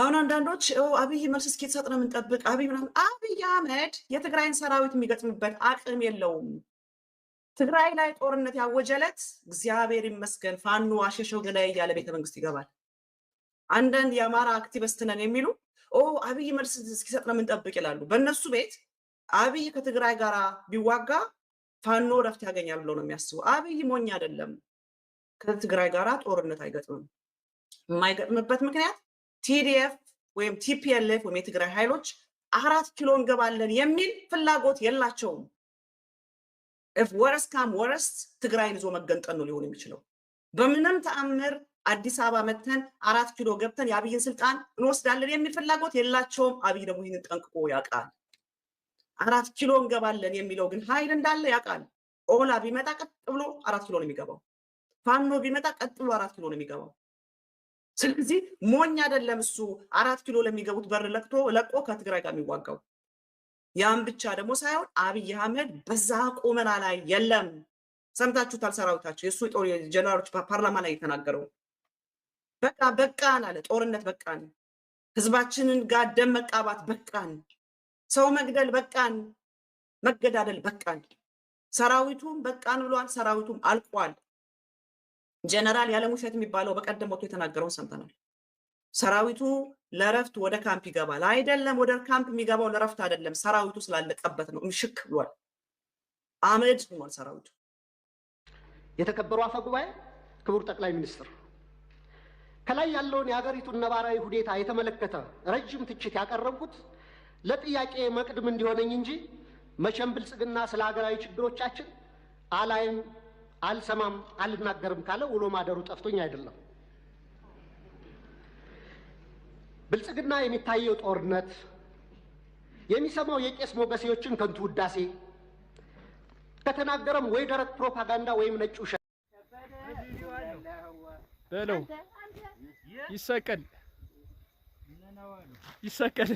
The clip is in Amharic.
አሁን አንዳንዶች አብይ መልስ እስኪሰጥ ነው የምንጠብቅ። አብይ አብይ አህመድ የትግራይን ሰራዊት የሚገጥምበት አቅም የለውም። ትግራይ ላይ ጦርነት ያወጀለት እግዚአብሔር ይመስገን ፋኖ አሸሾ ገላይ እያለ ቤተ መንግስት ይገባል። አንዳንድ የአማራ አክቲቪስት ነን የሚሉ አብይ መልስ እስኪሰጥ ነው የምንጠብቅ ይላሉ። በእነሱ ቤት አብይ ከትግራይ ጋር ቢዋጋ ፋኖ ረፍት ያገኛል ብሎ ነው የሚያስቡ። አብይ ሞኝ አይደለም። ከትግራይ ጋር ጦርነት አይገጥምም። የማይገጥምበት ምክንያት ቲዲኤፍ ወይም ቲፒኤልኤፍ ወይም የትግራይ ኃይሎች አራት ኪሎ እንገባለን የሚል ፍላጎት የላቸውም። ወረስ ካም ወረስ ትግራይን ይዞ መገንጠል ነው ሊሆን የሚችለው። በምንም ተአምር አዲስ አበባ መጥተን አራት ኪሎ ገብተን የአብይን ስልጣን እንወስዳለን የሚል ፍላጎት የላቸውም። አብይ ደግሞ ይህንን ጠንቅቆ ያውቃል። አራት ኪሎ እንገባለን የሚለው ግን ኃይል እንዳለ ያውቃል። ኦላ ቢመጣ ቀጥ ብሎ አራት ኪሎ ነው የሚገባው። ፋኖ ቢመጣ ቀጥ ብሎ አራት ኪሎ ነው የሚገባው። ስለዚህ ሞኝ አይደለም እሱ አራት ኪሎ ለሚገቡት በር ለቅቶ ለቆ ከትግራይ ጋር የሚዋጋው ያም ብቻ ደግሞ ሳይሆን አብይ አህመድ በዛ ቁመና ላይ የለም። ሰምታችሁታል። ሰራዊታቸው የእሱ ጦር ጀነራሎች ፓርላማ ላይ የተናገረው በቃ በቃን አለ። ጦርነት በቃን፣ ህዝባችንን ጋር ደም መቃባት በቃን፣ ሰው መግደል በቃን፣ መገዳደል በቃን። ሰራዊቱም በቃን ብሏል። ሰራዊቱም አልቋል። ጀነራል ያለሙሸት የሚባለው በቀደም ወጥቶ የተናገረውን ሰምተናል። ሰራዊቱ ለረፍት ወደ ካምፕ ይገባል። አይደለም፣ ወደ ካምፕ የሚገባው ለረፍት አይደለም፣ ሰራዊቱ ስላለቀበት ነው። ምሽክ ብሏል። አመድ ሆን ሰራዊቱ። የተከበሩ አፈ ጉባኤ፣ ክቡር ጠቅላይ ሚኒስትር፣ ከላይ ያለውን የሀገሪቱን ነባራዊ ሁኔታ የተመለከተ ረጅም ትችት ያቀረብኩት ለጥያቄ መቅድም እንዲሆነኝ እንጂ መቼም ብልጽግና ስለ ሀገራዊ ችግሮቻችን አላይም አልሰማም አልናገርም ካለ ውሎ ማደሩ ጠፍቶኝ አይደለም። ብልጽግና የሚታየው ጦርነት፣ የሚሰማው የቄስ ሞገሴዎችን ከንቱ ውዳሴ፣ ከተናገረም ወይ ደረቅ ፕሮፓጋንዳ ወይም ነጭ ውሸት በለው ይሰቀል ይሰቀል።